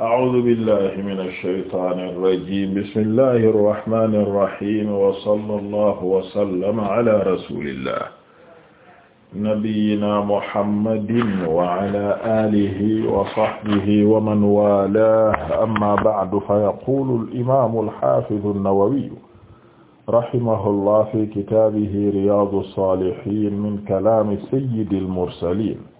أعوذ بالله من الشيطان الرجيم بسم الله الرحمن الرحيم وصلى الله وسلم على رسول الله نبينا محمد وعلى آله وصحبه ومن والاه أما بعد فيقول الإمام الحافظ النووي رحمه الله في كتابه رياض الصالحين من كلام سيد المرسلين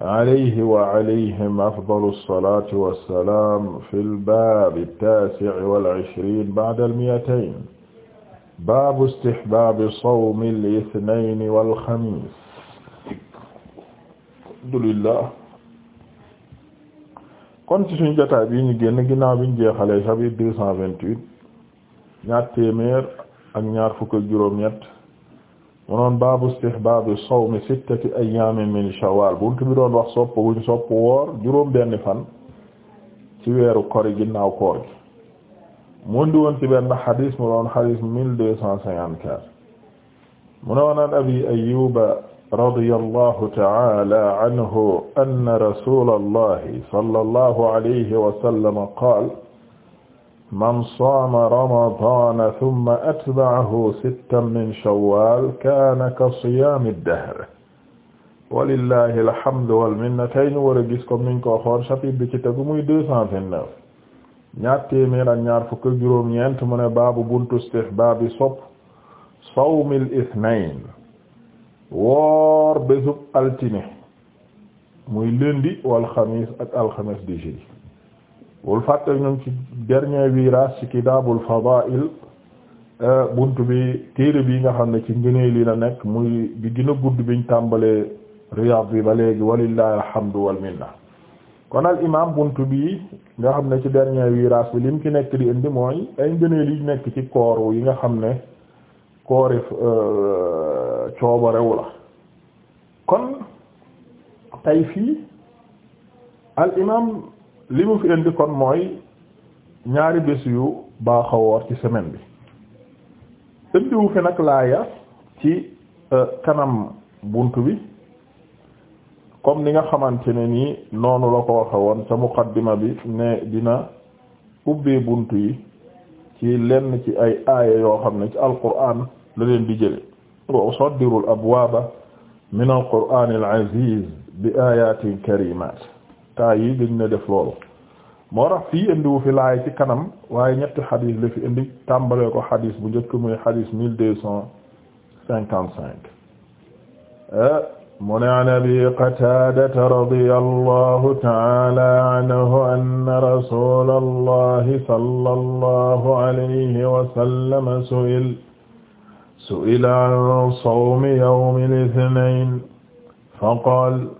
alayhi wa alayhim afdalu salaati wa salaam fil baabi taasi'i wal ishriin ba'dal mi'atayn baabu istihbaabi sawmil ithnayni wal xamiis. alhamdulillah. kon ci suñu jotaay bi ñu génn ginnaaw bi ñu jeexalee chapitre deux cent vingt-huit ñaar téeméer ak ñaar fukk ak juróom-ñett. mu noon baabu istihbaabi sawmi sittati ayyaamin min shawwal buntu bi doon wax sopp wuñ sopp woor juróom benn fan ci weeru kori ginnaaw koor gi mu ndi woon ci benn xadis mu doon xadis mille deux cent cinquante-quatre mu noon an abi ayyuba radiyallahu ta'ala anhu anna rasulallahi sallallahu alayhi wa sallam qaala man saama ramadaana summa atba'ahu sittan min shawwaal kaana ka siyaami dahr walillahi alhamdu wal minna tey ñu war a gis comme niñ ko xool chapitre bi ci tegu muy deux cent vingt-neuf ñaar téeméer ak ñaar fukk ak juróom-ñeent mu ne baabu buntu istihbaabi sopp sawmil ithnayn woor altine muy lundi wal xamiis ak alxames di jeudi bul fàtte ñun ci dernier virage ci kitaabul fadaa'il eh, buntu bi téere bi nga xam ne ci ngëneel li la nekk muy bi gën a gudd biñ tàmbalee Riyad bi ba léegi walillahi alhamdu wal minna kon al imaam buntu bi nga xam ne ci dernier virage bi lim ci nekk di indi mooy ay ngëneel yi nekk ci koor yi nga xam ne koori eh, coobarewu la kon tey fii al imaam li mu fi indi kon mooy ñaari bés yu baax a woor ci semaine bi indiwu fi nag laaya ci euh, kanam bunt bi comme ni nga xamante ne nii noonu la ko waxe woon ca muqaddima bi ne dina ubbee bunt yi ci lenn ci ay aaya yoo xam ne ci alquran la leen di jële wa usaddiru al abwaaba min alqur'an al aziz bi ayatin karimat temps yi gën na def loolu moo tax fii indiwu fi laay ci kanam waaye ñetti xadis la fi indi tàmbalee ko xadis bu njëkk muy xadis mille deux cent cinquante cinq mu ne an abi qataadata radiya allahu taala anhu anna rasula allahi sala allahu alayhi wasallama su'ila su'ila an sawmi yawmi l-ithnayn faqaala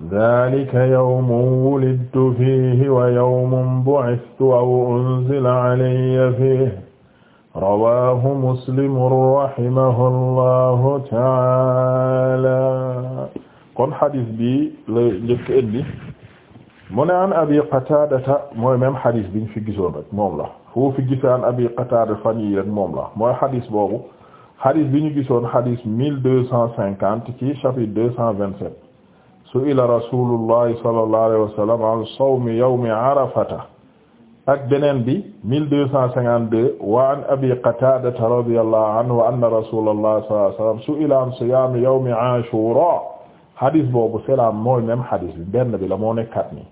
dalika yawmun wulidtu fiihi wa yawmun bu'istu aw unzila alayya fiihi rawaahu muslim rahimahullahu ta'aala kon xadis bi la njëkk indi mu ne an abi qataadata mooy même xadis bi ñu fi gisoon rek moom la foo fi gisee an abi qataada fan yii rek moom la mooy xadis boobu xadis bi ñu gisoon xadis mille deux cent cinquante ci chapitre deux cent vingt-sept su'ila rasulullahi sallallahu alayhi wa sallam an sawmi yawmi arafata ak beneen bi 1252 wa an abi qatadata radiyallahu anhu wa anna rasulallahi sallallahu alayhi wa sallam su'ila an siyami yawmi ashura hadis boobu selam mooy même hadis bi benn bi la moo nekkat ni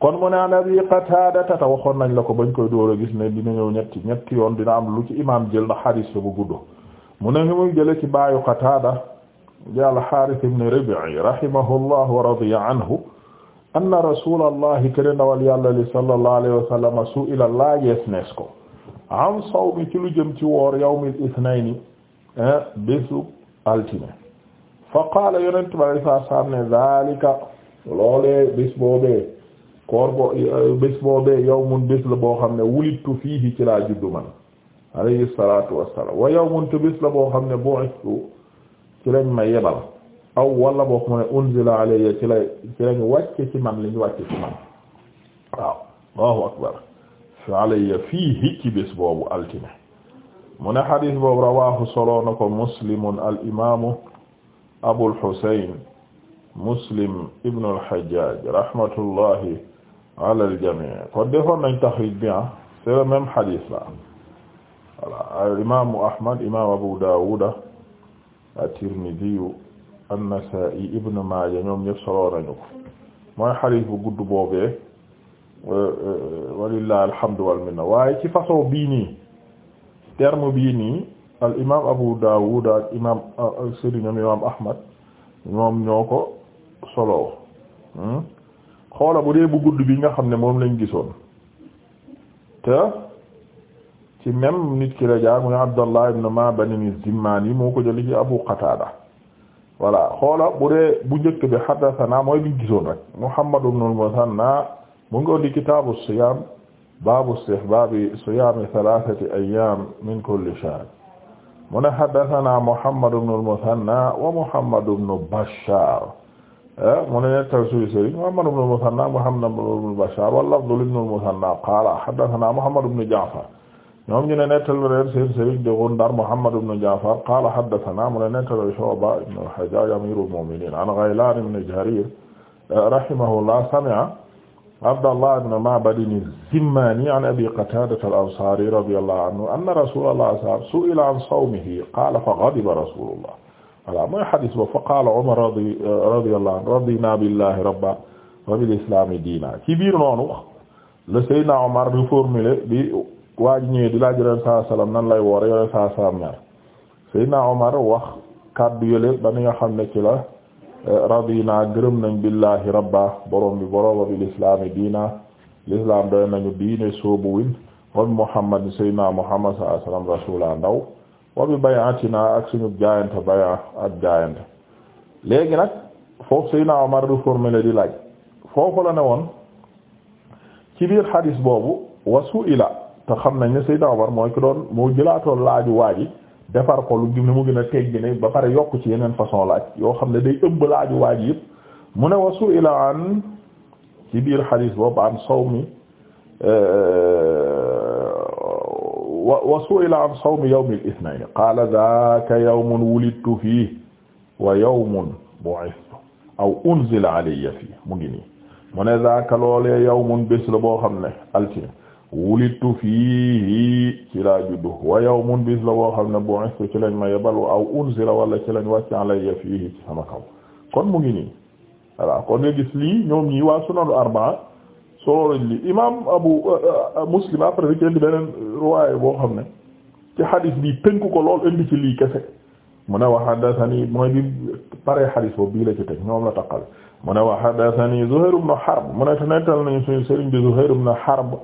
kon mu ne an abi qatadata ta waxoon nañ la ko bañ koy door a gis ne dina ñëw ñetti ñetti yoon dina am lu ci imam jël na hadis bu gudd mu ne ngi muy jële ci baayu qatada di al-Haaris ibn Rib'i rahimahullah wa radiya anhu anna rasulallahi kene ndawal yàlla li sallallahu alayhi wa sallam su'ila laajees nees ko an sawmi ci lu jëm ci woor yawmil isnayni eh, bésu altine fa qaala yonent bi alayhi salaatu salaam ne zaalika loolee bés boobee koor bo eh, bés boobee yawmun bés la boo xam ne wulidtu fiihi ci laa juddu man alayhi salaatu wassalaam wa yawmun te bés la boo xam ne bu'ithtu ci lañ ma yebal aw wala boog mu ne unzila alayya ci la ci lañ wàcce ci man liñ wàcce ci man waaw Allahu akbar fa alayya fiihi ci bés boobu altine mu ne xadis boobu rawahu soloo na ko muslimun al imamu abul husayn muslim ibnu al hajjaj rahmatullahi ala al jami' kon defoon nañ taxrij bi c'est ah, la al imamu ahmad imam abu dawuda at-Tirmidhi an-Nasa'i Ibn Maaja ñoom ñëpp solo nañu ko mooy xadiis bu gudd boobee walillahi alhamdu wal minna waaye ci façon bii nii terme bii nii al imaam Abu Dawud ak imaam ah, sëriñam imaam Ahmad ñoom ñoo ko solo hmm? xoola bu dee bu gudd bi nga xam ne moom lañ gisoon te. ci même nit ki la jaar muy Abdallah ibn Ma'bad az-Zimmaani moo ko jëlee ci Abu Qatada voilà xoola bu dee bu njëkk bi haddathana mooy bi gisoon rek Muhammad ibn al-Muthanna mu ngi di kitaabu siyaam baabu istihbaabi siyaami thalathati ayyaam min kulli shahr mu ne haddathana Muhammad ibn al-Muthanna wa Muhammad ibn Bashshar eh, mu ne nettal suy sëriñ Muhammad ibn al-Muthanna Muhammad ibn Bashshar wa lafdhu ibn al-Muthanna qaala haddathana Muhammad ibn Ja'far ñoom ñu ne nettali leen seen sëriñ di Gundar Muhammad ibn Ja'far qaala haddathanaa mu ne nettali Shu'ba ibn al-Hajjaaj amiirul mu'miniin an Ghaylaan ibn Jariir rahimahullah sami'a Abdallah ibn Ma'bad az-Zimmaani an Abi Qataada al-Ansaari radiyallahu anhu anna rasuulallahi sallallahu alayhi wasallam su'ila an sawmihi qaala faghadiba rasuulullah voilà mooy xadis ba fa qaala Umar radiyallahu anhu radinaa billahi rabban wa bil islaami diinan ci biir noonu la Seydina Omar reformulé bi waa ji ñëwee di laaj saa salaam nan lay woore yoneen saa salaam mer Seydina Omar wax kàddu yële ba ni nga xam ne ci la eh, gërëm nañ billahi rabba borom bi boroba bi lislami diina l'islam doy nañu diine soobu win wa bi Muhammad Seydina Muhammad saa salaam rasula ndaw wa bi bayatina ak suñu jaayante baya ak jaayante léegi nag foofu Seydina Omar du formulé di foofu la ne woon ci biir boobu wa su'ila te xam nañ ne Seydina Omar mooy ki doon moo jëlaatoon laaju waaji defar ko lu gim ne mu gën a teggi ne ba pare yokk ci yeneen façon laaj yoo xam ne day ëmb laaju waaji yëpp mu ne wa su'ila an ci biir xadiis boobu an sawmi eh, wa wa su'ila an sawmi yawmil ithnayn qaala zaaka yawmun wulidtu fiihi wa yawmun bu'ithtu aw unzila alayya fiihi mu ngi nii mu ne zaaka loolee yawmun bés la boo xam ne altine wulittu fiihi ci laa juddu wa yawmun bi la woo xam ne bu'istu ci lañ ma yebal aw unzila wala ci lañ wàcc alayya fiihi ci sama kaw kon mu ngi nii voilà kon nga gis lii ñoom ñii waa sunanu arbaa solo lañ lii imaam abu euh, euh, muslim après rek indi beneen riwaaya boo xam ne ci xadis bi tënku ko lool indi ci lii kese mu ne wa haddathani mooy bi pare xadis boobu bii la ci teg ñoom la taqal mu ne wa haddathani Zuhayr ibn Harb mu na te nettal nañu suñu sëriñ bi Zuhayr ibn Harb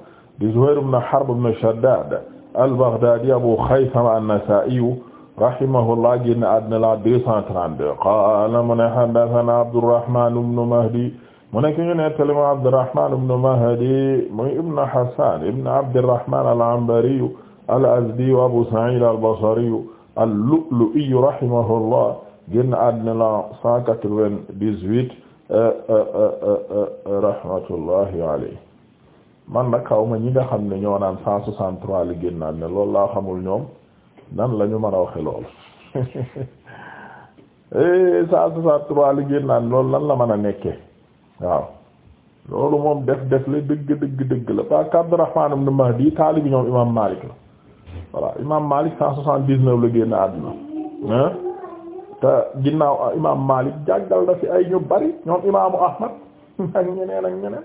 di Zuhayr ibn Harb ibn Shaddad al-Baghdadi Abu Khaythama an-Nasa'i rahimahullah génn àddina la 232 qaala mu ne haddathana Abdurrahman ibn Mahdi mu nekk ñu nettali mu Abdurrahman ibn Mahdi muy ibn Hasan ibn Abdurrahman al-Anbari al-Azdi Abu Sa'id al-Basri al-Lu'lu'i rahimahullah génn àddina la 198 rahmatullahi alayhi man nag xaw ma ñi nga xam ne ñoo naan cent soixante trois li gén naan ne loolu laa xamul ñoom nan la ñu mën a waxe lool eh, cent soixante trois li gén naan loolu lan la mën a nekke waaw loolu moom def def la dëgg dëgg dëgg la parce que Abdurrahman ibn di taalibi ñoom imam Malik la voilà imam Malik cent soixante dix-neuf la génn àdduna te ginnaaw ah, imam Malik jàggal na fi ay ñu bari ñoom imaamu Ahmad ak ñeneen ak ñeneen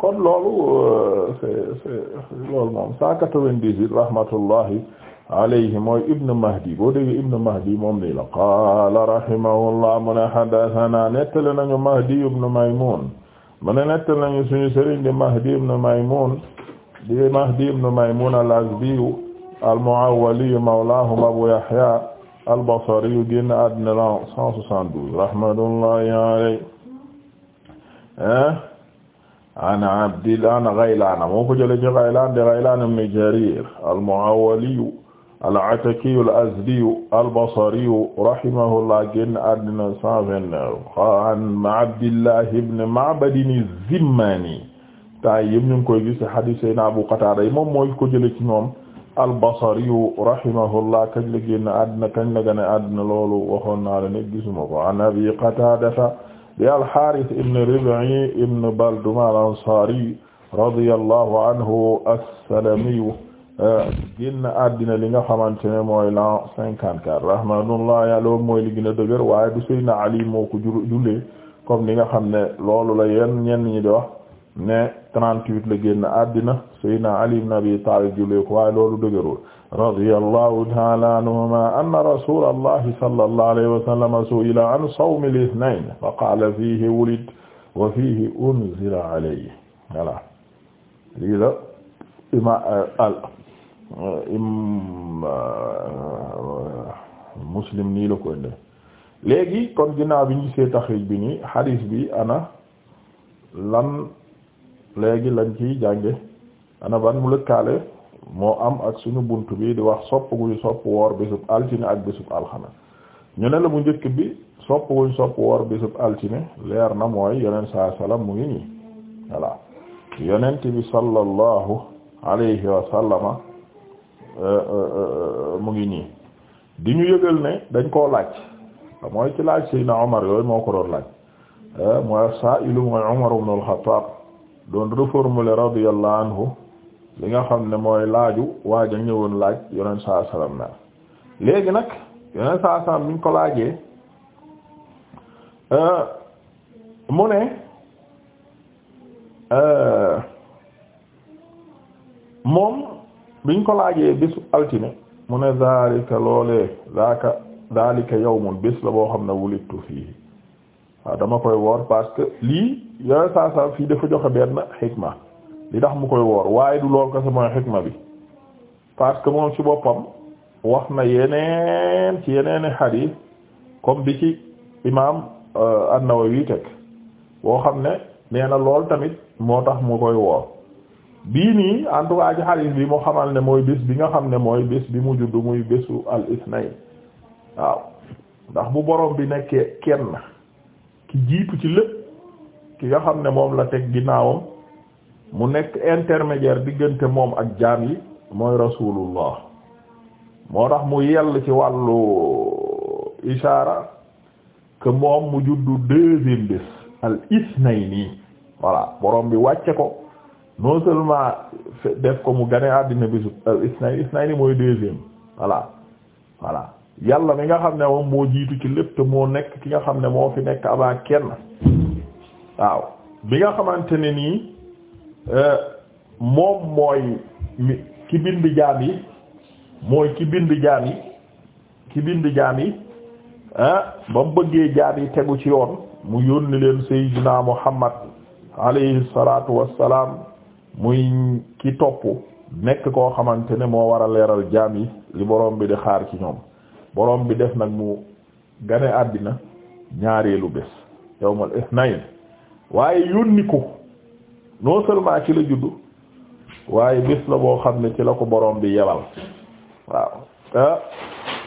kon loolu euh, c'est c'est loolu moom cent quatre-vingt-dix-huit rahmatullahi alayhi mooy ibn Mahdi boo dégg ibn Mahdi moom nii la qaala rahimahullah mu ne haddathana nettali nañu Mahdi ibn Maymun mu ne nettali nañu suñu sëriñ di Mahdi ibn Maymun di Mahdi ibn Maymun al-Azdi al-Mu'awwali mawlahum Abu Yahya al-Basri génn àddina la 172 rahmatullahi alayhi an abdil an Ghaylaan moo ko jëlee ci Ghaylaan di Ghaylaan ibn Jariir al-Mu'awwaliyu al-Atakiyu al-Azdiyu al-Basriyu an Abdillah ibn Ma'bad az-Zimmaani temps yii yëpp ñu ngi koy gis Abu Qataada yi moom mooy ko jëlee ci ñoom al-Basriyu rahimahullah kañ la génn àddina kañ la loolu waxoon naa la ne an Abi Qataada di al-Haaris ibn Rib'i ibn Baldama al-Ansaari radiyallahu anhu as-Salami génn àddina li nga xamante ne mooy l'an cinquante quatre rahmatullahi alayhi mooy li gën a dëgër waaye du Seydina Ali moo ko jullee comme li nga xam ne loolu la yenn ñenn ñi di wax ne trente-huit la génn àddina Seydina Ali ibn Abi Taalib jullee ko waaye loolu dëgërul radiyallahu ta'ala anhuma anna rasulallahi sallallahu alayhi wa sallam su'ila an sawmi al-ithnayn fa qala fihi wulida wa fihi unzila alayhi voilà lii la ima euh, al euh, euh, muslim nii la ko indi léegi kon ginnaaw bi ñu gisee taxriij bi nii xadiis bi ana lan léegi lañ ciy jànge ana ban mu lëkkaale moo am ak suñu bunt bii di wax sopp guñu sopp woor bésub altine ak bésub alxame ñu ne la bu njëkk bi sopp guñ sopp woor bésub altine leer na mooy yeneen saa salaam mu ngi nii voilà yonent bi sallallahu alayhi wa euh, euh, euh, mu ngi di ñu yëgal ne dañ koo laaj mooy ci laaj Seydina Omar yooyu moo ko doon laaj mooy sa ilu mooy Omar ibn al-Khattab doon reformuler radiyallahu anhu li nga xam ne mooy laaju waaja ñëwoon laaj yoneen saa salaam léegi nag yoneen saa euh, euh, bi ñu ko laajee mu ne moom biñ ko laajee bisu altine mu ne zalika loolee zaka yow yawmun bis la boo xam ne wulittu fii waaw dama koy woor parce lii yoneen saa fii dafa joxe benn xikma li tax mu koy woor waaye du lool kese mooy xikma bi parce que moom ci boppam wax na yeneen ci yeneen yeneeni xadiis comme bi ci imaam euh, an-Nawawi teg boo xam ne nee na lool tamit moo tax mu koy woor bii nii en tout cas ci xadiis bi mu xamal ne mooy bés bi nga xam ne mooy bés bi mu judd muy bésu al-isnayn waaw ndax bu borom bi nekkee kenn ki jiitu ci lépp ki nga xam ne moom la teg ginnaawam mu nekk intermédiaire diggante moom ak jaam yi mooy rasulullah moo tax mu yell ci wàllu ishaara que moom mu juddu deuxième bés al isnayni voilà boroom bi wàcce ko non seulement def ko mu gane àddina bisu al isnayni isnayni mooy deuxième voilà voilà yàlla mi nga xam ne moom moo jiitu ci lépp te moo nekk ki nga xam ne moo fi nekk avant kenn waaw bi nga xamante ne nii Euh, moom mooy ki bind jaam yi mooy ki bind jaam yi ki bind jaam yi ah ba mu bëggee jaam yi tegu ci yoon mu yónni leen Seydina Muhammad alayhi salaatu wassalaam muy ki topp nekk koo xamante ne moo war a leeral jaam yi li borom bi di xaar ci ñoom boroom bi def nag mu gane àddina ñaareelu bés yawmal ithnayn waaye yónni ko non seulement ci la juddu waaye bis la boo xam ne ci la ko borom bi yebal waaw ah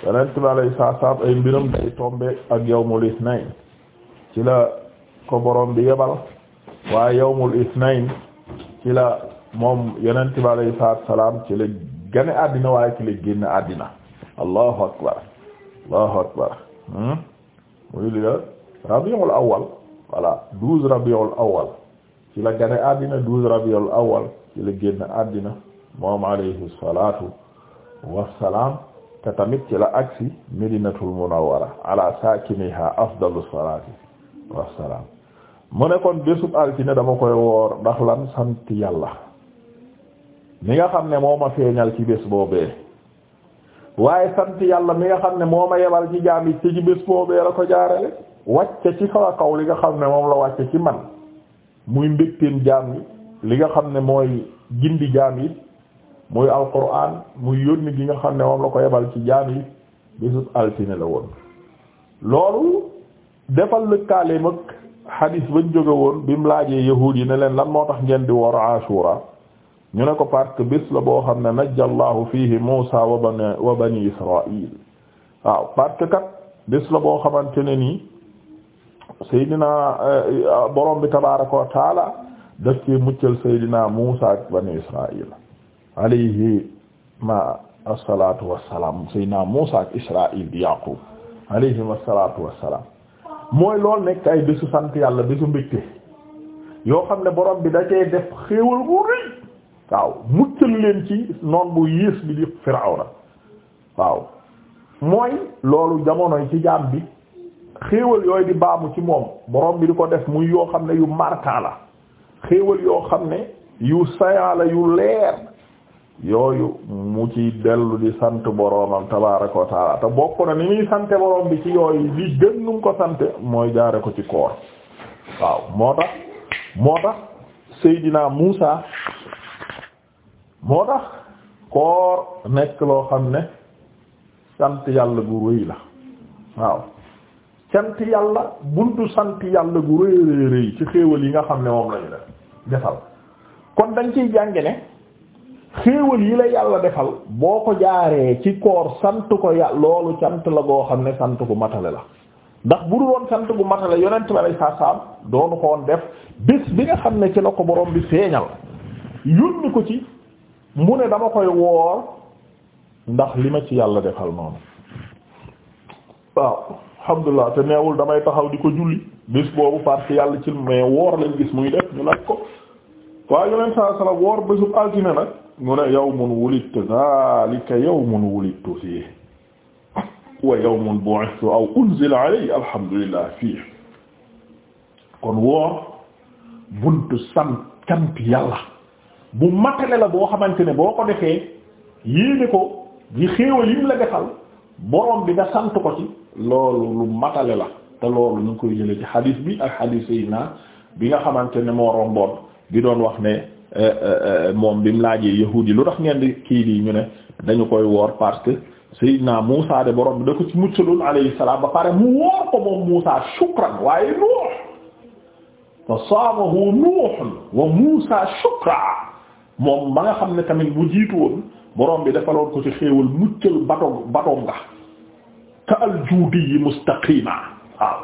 yonent bi alayhi salaam ay mbiram day tombe ak yawmul isnayn ci la ko borom bi yebal waaye yawmul isnayn ci la moom yonent bi alayhi salaam ci la gane àddina waaye ci la génn àddina allahu akbar allahu akbar hmm? muy li la rabiul awal voilà douze rabiul awal ci la gane addina douze rabiul awal ci la génn addina moom alayhi salatu wassalam te tamit ci la aksi medinatul munawwara ala sakiniha afdalus salati wassalam mu ne kon bésub altine dama koy woor ndax lan sant yàlla mi nga xam ne moo ma feeñal ci bés boobee waaye sant yàlla mi nga xam ne moo ma yebal ci jaam ci bés boobee la ko jaarale wàcce ci sama kaw li nga xam ne moom la wàcce ci man muy mbégteem jaam yi li nga xam ne mooy gindi jaam yi muy alquran muy yónni gi nga xam ne moom la ko yebal ci jaam yi bésub altine la woon loolu defal lëkkaaleem ak xadiis bañ jóge woon bi mu laajee yahuud yi ne leen lan moo tax ngeen di woor ashura ñu ne ko parce que bés la boo xam ne najjallahu fihi Muusa wa bani wa bani Israil waaw parce kat bés la boo xamante ne nii Seydina eh, eh, borom bi tabaaraka wa taala daf muccal Seydina Muusa ak bani Israaïl alayhi ma as-salaatu salaam Seydina Muusa ak Israaïl di Yaaqub alayhi ma as-salaatu mooy lool nekk ay bésu sant yàlla bésu mbégte yoo xam ne borom bi da cee def xéewal bu rëy waaw muccal leen ci noon bu yées bi di Firawna waaw mooy loolu jamonoy ci jaam bi. xéewal yooyu di baamu ci moom boroom bi di ko def muy yoo xam ne yu marquant la xéewal yoo xam ne yu sayaa la yu leer yooyu mu ci dellu di sant boroomam tabaaraka wa bokk na ni muy sante borom bi ci yooyu li gën ko sante mooy jaare ko ci koor waaw moo tax moo tax Seydina Muusa moo tax koor nekk loo xam ne sant yàlla gu rëy la waaw cant yàlla buntu sant yàlla gu rëy rëy ci xéewal yi nga xam ne moom lañu def defal kon dañ ciy jànge ne xéewal yi la yàlla defal boo ko jaaree ci koor sant ko yàlla loolu sant la goo xam ne sant gu matale la ndax bu dul woon sant gu matale yonent ba lay saa saam doonu ko woon def bés bi nga xam ne ci la ko borom bi feeñal yónni ko ci mu ne dama koy woor ndax li ma ci yàlla defal noonu waaw alhamdulilah te neewul damay taxaw di ko julli bis boobu parce yàlla ci mais woor lañ gis muy def ñu laaj ko waaye yoneen saa sala woor bésub altine nag mu ne yawmun wulidtu zalika yawmun wulidtu fihi wa yawmun bu'ithtu aw unzila alayhi alhamdulilah fii kon woor buntu sant cant yàlla bu matale la boo xamante ne boo ko defee yéene ko di xéewal yim la defal borom bi nga sant ko ci loolu lu matale la te loolu ñu ngi koy jëlee ci xadiis bi ak xadiis yi naa bi nga xamante ne moo romboon bi doon wax ne euh, euh, euh, moom bi mu laajee yahuud yi lu tax ngeen di kii di ñu ne dañu koy woor parce que Seydina Muusa de borom bi da ko ci muccaloon alayhi salaam ba pare mu woor ko moom Muusa shukran waaye Nuux fa saamahu Nuuhun wa Muusa shukra moom ma nga xam ne tamit bu jiitu woon borom bi defaloon ko ci xéewal muccal bato bato nga ka aljuudi yi mustaqima waaw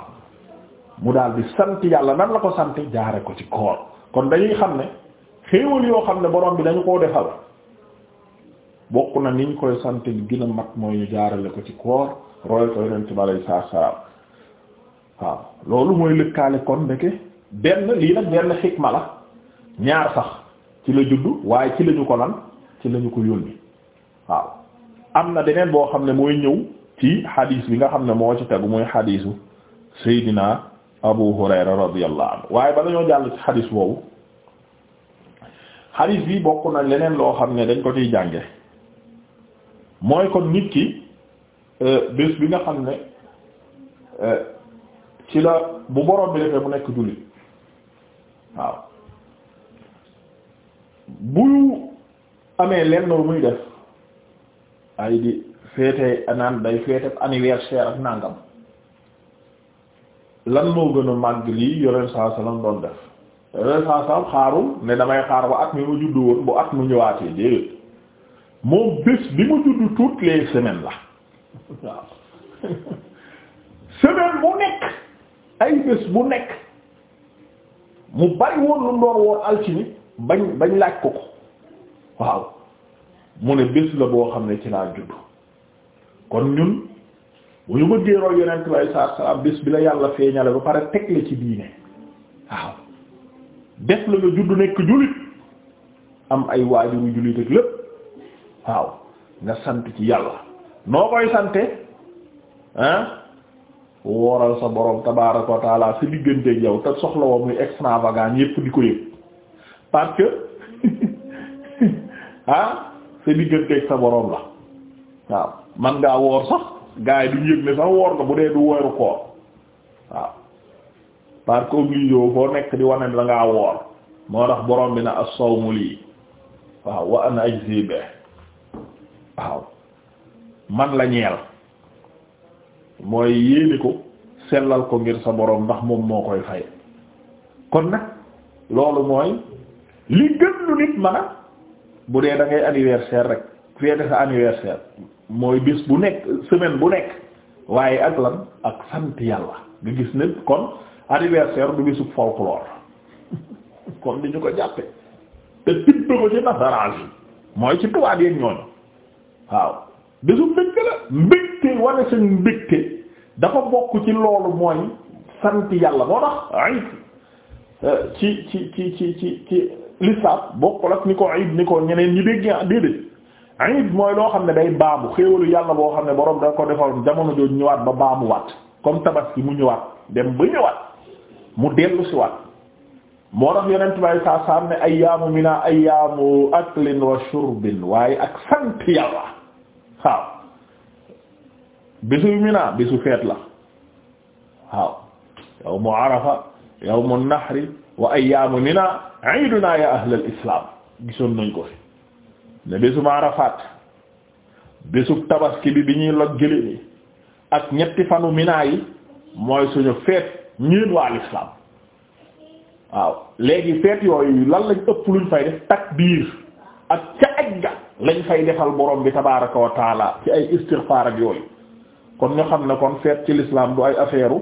mu daal di sant yàlla nan la ko sant jaare ko ci koor kon dañuy xam ne xéewal yoo xam ne boroom bi dañu koo defal bokk na niñ koy sant li gën mat mooy ñu jaarale ko ci koor roy ko yonent bi alayhi salaatu salaam waaw loolu mooy lëkkaale kon ndeke benn lii nag benn xikma la ñaar sax ci la juddu waaye ci lañu ko lan ci lañu ko yónni waaw am na beneen boo xam ne mooy ñëw ci xadis bi nga xam ne moo ci tegu muy xadisu Seydina Abu Hurayra radiyallahu anhu waaye bala ñoo jàll ci xadis boobu xadis bi bokk na leneen loo xam ne dañ ko ciy jànge mooy kon nit ki euh, bés bi nga xam ne euh, ci la bu borom bi defee mu nekk jullit waaw bu amee lenn muy def ay féete naan day féete anniversaire ak nàngam lan moo gën a màgg lii yoneen saa doon def yoneen saa xaarul ne damay xaar ba at mi ma juddu woon bu at mu ñëwaatee déedéet moom bés bi ma juddu toutes les semaines la semaine bu nekk ay bés bu nekk mu bari woon lu ndoor woon altine bañ bañ laaj ko ko waaw mu ne bés la boo xam ne ci laa juddu kon ñun bu ñu bëggee roy yonent bi alayhi salaatu salaam bés bi la yàlla feeñale ba pare teg la ci diine waaw def la nga judd nekk jullit am ay waajuru jullit ak lépp waaw nga sant ci yàlla noo koy sante ah wooral sa borom tabaaraka wa sa digganteeg yow te soxla woo muy yépp di ko yëg parce que ah sa digganteeg sa borom la waaw man ngaa woor sax gars yi duñ yëg ne sax woor nga bu dee du wooru koor waaw parce que obligé wu nekk di wane la ngaa woor moo tax borom bi na ak soow mu lii waaw wa ana ajzi bi waaw man la ñeel mooy yéene ko sellal ko ngir sa boroom ndax moom moo koy fay kon nag loolu mooy li gën lu nit man a bu dee da ngay anniversaire rek feete sa anniversaire mooy bis bu nekk semaine bu nekk waaye ak lan ak sant yàlla nga gis ne kon anniversaire du bisu folklore kon di ñu ko jàppe te tibb ko ci nasaraan yi mooy ci tubaab yeeg ñooñu waaw bisu mbégte la mbégte wane seen mbégte dafa bokk ci loolu mooy sant yàlla moo tax ci ci ci ci ci ci lislaam bokkul ak ni ko ayib ni ko ñeneen ñi dégg déedéet ayib mooy loo xam ne day baamu xéewalu yàlla boo xam ne borom da ko defal jamono jooju ñëwaat ba baamuwaat comme tabaski mu ñëwaat dem ba ñëwaat mu dellu si waat moo tax yeneen bay saa saa ne ayyaamu mina ayyaamu aklin wa shurbin waaye ak sant yàlla waaw bisu mina bisu feet la waaw yawmu arafa yawmu nahri wa ayyaamu mina iiduna ya ahlal islam gisoon nañ ko fi ne bésub Arafat bésub tabaski bi bi ñuy loj gëléemi ak ñetti fanu Mina yi mooy suñu feet ñeen waa l'islam waaw léegi feet yooyu lan lañ ëpp luñ fay def biir ak ca aj lañ fay defal borom bi tabaraka wa taala ci ay istighfar ak yooyu kon ñu xam ne kon feet ci lislaam du ay affaire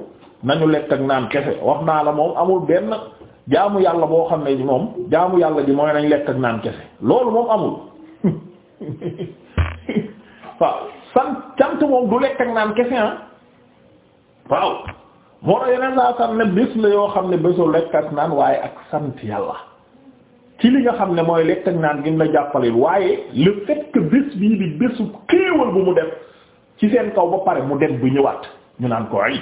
nañu lekk ak naan kese wax naa la moom amul benn jaamu yàlla boo xam ne moom jaamu yàlla ji mooy nañ lekk ak naan kese loolu moom amul waaw sant cant moom du lekk ak naan kese ah waaw moo tax yeneen saa sant ne bés la yoo xam ne bésu lekk ak naan waaye ak sant yàlla ci li nga xam ne mooy lekk ak naan gi mu la jàppale waaye le fait bés bii di bésu xéewal bu mu def ci seen kaw ba pare mu dem bu ñëwaat ñu naan ko ay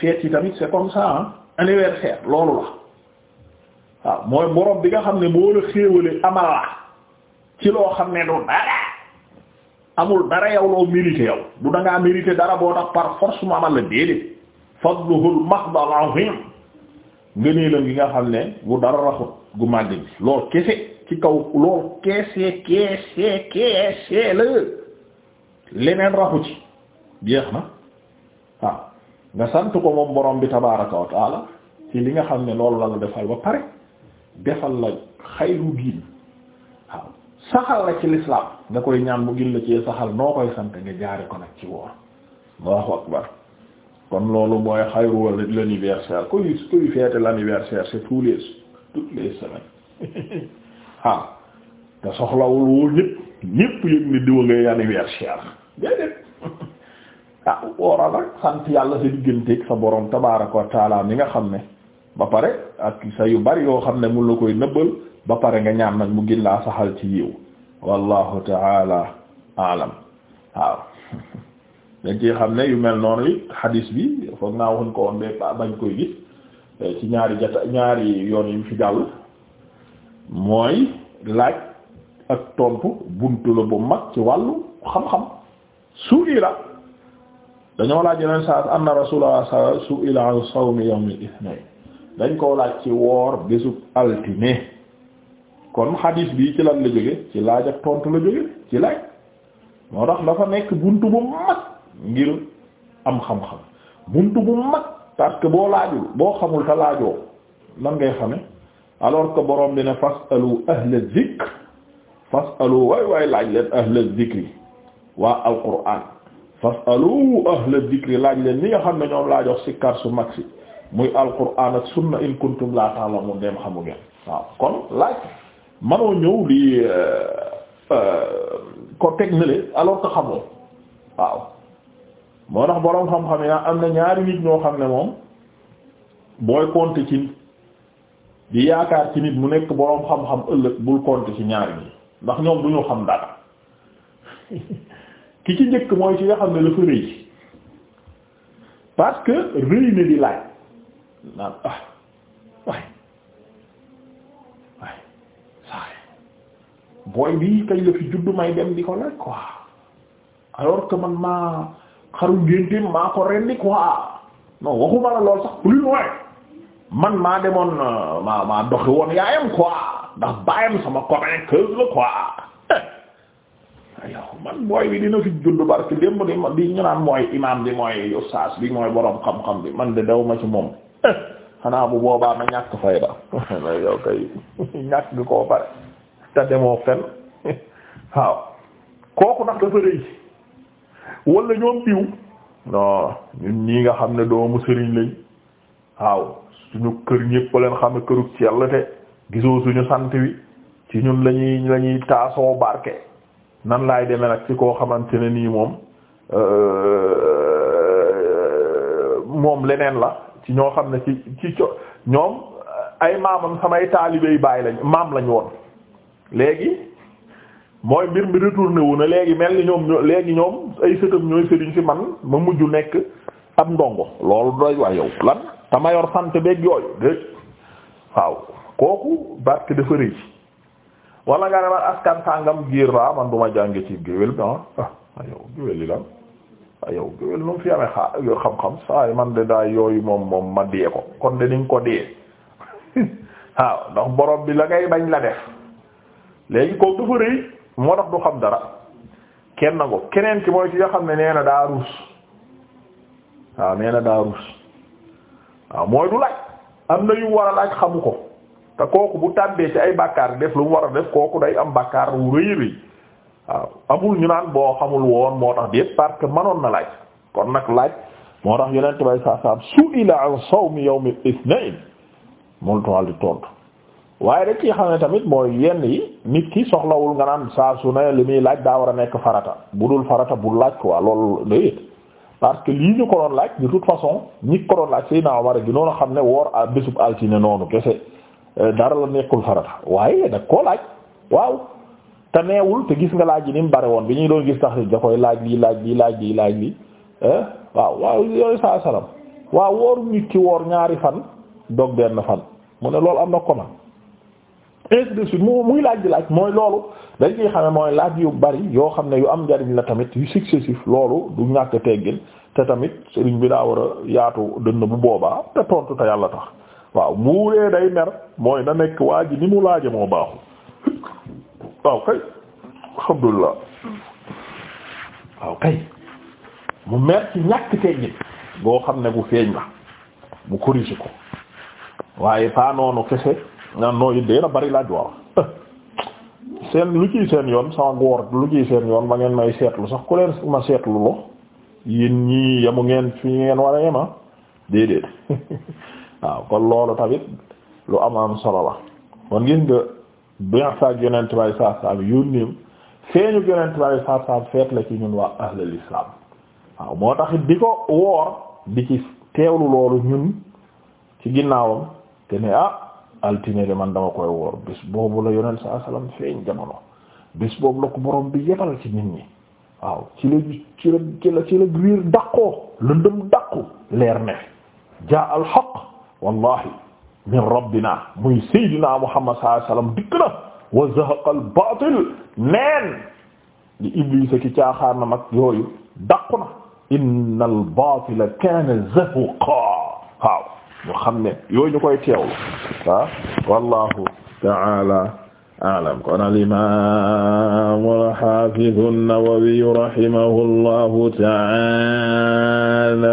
feet yi tamit c'est comme ça ah. anniversaire loolu la waaw mooy borom bi nga xam ne moo la xéewale amal ci loo xam ne du dara amul dara yow loo mérité yow du da ngaa dara boo tax par force mu amal la déedéet fadluhul mahdal azim ngëneelam gi nga xam ne bu dara raxut gu màgg gi lool kese ci kaw lool keese keese keese la leneen raxu ci jeex na waaw nga sant ko moom borom bi tabaraka wa taala li nga xam ne loolu la la defal ba pare defal la xayru diin waaw saxal la ci l'islam nga koy ñaan mu gën la ci saxal noo koy sant nga jaare ko nag ci woor Allahu akbar kon loolu mooy xayru wala l'anniversaire kuy kuy fêter l'anniversaire c'est tous les toutes ah, te soxlawul wul ñëpp ñëpp yëg ni diwa ngay anniversaire déedéet ah wooral nag sant yàlla sa digganteeg sa borom tabaaraka wa taala nga xam ne ba pare ak sa yu bari yoo xam ne mun la koy nëbbal ba pare nga ñaan nag mu gën laa saxal ci yiw wallahu taala alam waaw dañ ci xam ne yu mel noonu it xadiis bi foog naa waxuñ ko woon ba bañ koy gis eh, ci ñaari jata ñaari yoon yu fi jàll mooy laaj ak tontu buntu la bu mag ci wàllu xam-xam su'ila dañoo laaj yeneen saa anna rasulullah su'ila an sawmi yawmil ithnayn dañ koo laaj ci woor bésub altine kon xadiis bi ci lan la jóge ci laaj ak tontu la jóge ci laaj moo tax dafa nekk buntu bu mag ngir am xam-xam buntu bu mag parce que boo laajul boo xamul te laajoo lan ngay xame alors que boroom bi ne fasalu ahla zikr fasalu waay waay laaj leen ahla zikri waa alquran fasalu ahla zikri laaj leen ni nga xam ne ñoom laa ci si kar su mag si muy alquran ak sunna in kuntum la ta'lamun dem xamu ngeen waaw kon laaj manoo ñëw di euh, euh, ko teg na le alors que xamoo waaw moo tax boroom xam-xam yi am na ñaari nit ñoo xam ne moom booy compter ci di yaakaar ci nit mu nekk boroom xam-xam ëllëg bul compter ci ñaari nit ndax ñoom du ñu xam dara ki ci njëkk mooy ci nga xam ne dafa rëy parce que rëy na di laaj naan ah booy bi kay la fi juddu may dem di ko laaj quoi alors que man maa xaru génteem maa ko rendi quoi non man maa demoon euh, maa maa doxi woon yaayam quoi ndax baayam sama communequeuse la quoi yow man booy bi dina fi juddu barke démb di di naan mooy imaam bi mooy ustaas bi mooy boroom xam-xam bi man de daw ma ci moom eh, xanaa bu boobaa ma ñàkk fayda yow ñàkk koo bare te demoo fen waaw kooku nag dafa rëy wala ñoom diw non ñun ñii nga xam ne doomu sëriñ lañ waaw suñu kër ñëpp leen xam ne kërug yàlla te gisoo suñu sant wi ci ñun lañuy lañuy ñuy taasoo barke nan laay demee nag ci koo xamante ne nii moom euh, moom leneen la ci ñoo xam ne ci ci co ñoom ay maamam samay taalibey baay lañ maam lañ woon léegi mooy mbir mi retourné wu na léegi mel ni ñoom léegi ñoom ay sëtam ñooy sëriñ si man ma mujj nekk ab ndongo loolu doy wax yow lan dama yor sant beeg yooyu dégg waaw kooku barke dafa rëy wala nga ne askan sàngam giir laa man du ma jànge ci géwél bi ah ah, ah yow géwél yi lan ah yow géwél moom fi amee xa xam-xam saa man de daay yooyu moom moom ma dee ko kon de ni nga ko dee waaw ndax borom bi la ngay bañ la def. léegi kooku dafa rëy moo tax du xam dara kenn ko keneen ki mooy ki nga xam ne nee na daa ruus waaw nee na daa ruus waaw mooy du laaj am na yu war a laaj xamu ko te kooku bu tàmbee ci ay bàkkaar def lu mu war a def kooku day am bàkkaar wu rëy rëy waaw amul ñu naan boo xamul woon moo tax déet parce que manoon na laaj kon nag laaj moo tax yonent bay saa saam su ila mi sawmi yawmil ithnain mënul tumal di tontu waaye dañ ciy xam ne tamit mooy yenn yi nit ki soxlawul nga naan saa su ne li laaj daa war a nekk farata bu dul farata bu laaj quoi loolu léegi parce que lii ñu ko laaj de toute façon ñi ko doon laaj Seydina Omar gi noonu xam ne altine noonu kese euh, dara la nekkul farata waaye da koo laaj waaw te neewul te gis nga laaj yi ni mu bare woon bi ñuy doon gis tax da koy laaj lii laaj lii laaj lii laaj eh, waaw waaw yooyu saa salaam waaw wooru nit ki woor ñaari fan dog benn fan mu ne loolu am na ko ainsi mu muy laaj di laaj mooy loolu dañ ciy xamee mooy laaj yu bari yoo xam ne yu am njariñ la tamit yu successif loolu du ñàkk teggin te tamit sëriñ bi daa war a yaatu dënn bu boobaa te tontu te yàlla tax waaw bu dee day mer mooy na nekk waa ni mu laaje moo baaxu waaw kay alhamdulillah waaw kay mu mer ci ñàkk teggin boo xam ne bu feeñ la mu corrigé ko waaye pas kese naan noo it dee na bari laaj waaw seen lu ciy seen yoon sama góor lu ciy seen yoon ma ngeen may seetlu sax ku leen ma seetlu lo yéen ñii yamu ngeen fi ngeen war a yema ah? déedéet waaw kon loolu tamit lu am am solo la kon gis nga bien saag yonent bay saab saab yónneem feeñu yonent bay saab saab feet ci ñun waa ahlul islam waaw moo tax di ko woor di ci teewlu loolu ñun ci ginnaawam te ne ah altine de man dama koy woor bis boobu la yonent saa salaam feeñ jamono bis boobu la ko borom bi yebal ci nit ñi waaw ci la ci la ci la ci la riir daqoo lëndëm daqu leer ne jaa al haqq wallahi min rabbina muy sayyidina muhammad saa salaam dikk na wa zahaqa al baatil neen di ibliis ki caaxaar na mag yooyu daqu na inna al baatila kaana zahuqa waaw ñu xam ne yooyu ñu koy teewlu ah wallahu ta'ala a'lam kon al imam al hafiz an-Nawawi rahimahullahu ta'ala